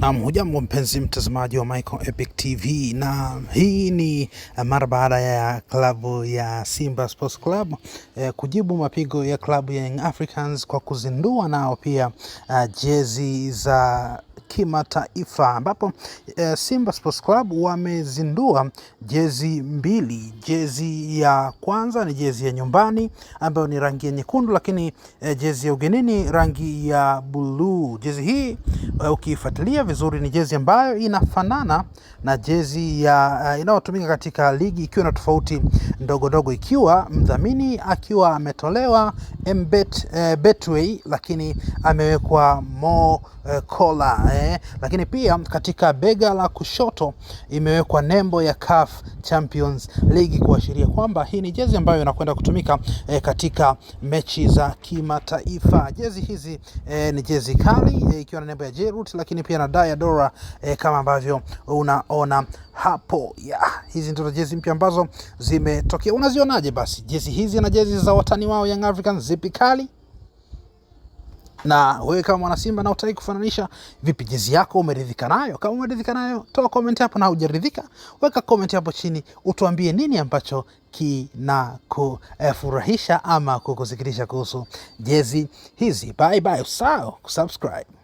Naam, hujambo mpenzi mtazamaji wa Michael Epic TV, na hii ni eh, mara baada ya klabu ya Simba Sports Club eh, kujibu mapigo ya klabu ya Young Africans kwa kuzindua nao pia uh, jezi za kimataifa ambapo eh, Simba Sports Club wamezindua jezi mbili. Jezi ya kwanza ni jezi ya nyumbani ambayo ni rangi ya nyekundu, lakini eh, jezi ya ugenini rangi ya buluu. Jezi hii Eh, ukifuatilia vizuri ni jezi ambayo inafanana na jezi ya uh, inayotumika katika ligi ikiwa na tofauti ndogo ndogo, ikiwa mdhamini akiwa ametolewa Mbet, uh, Betway, lakini amewekwa Mo uh, eh. Lakini pia katika bega la kushoto imewekwa nembo ya CAF Champions League kuashiria kwamba hii ni jezi ambayo inakwenda kutumika eh, katika mechi za kimataifa. Jezi hizi eh, ni jezi kali eh, ikiwa na nembo ya jezi Beirut, lakini pia na Diadora eh, kama ambavyo unaona hapo yeah. Hizi ndizo jezi mpya ambazo zimetokea. Unazionaje basi jezi hizi na jezi za watani wao Young Africans, zipi kali? na wewe kama mwana Simba na utaki kufananisha vipi jezi yako, umeridhika nayo? Kama umeridhika nayo, toa comment hapo, na hujaridhika weka comment hapo chini, utuambie nini ambacho kinakufurahisha ama kukusikitisha kuhusu jezi hizi. Bye bye, usao kusubscribe.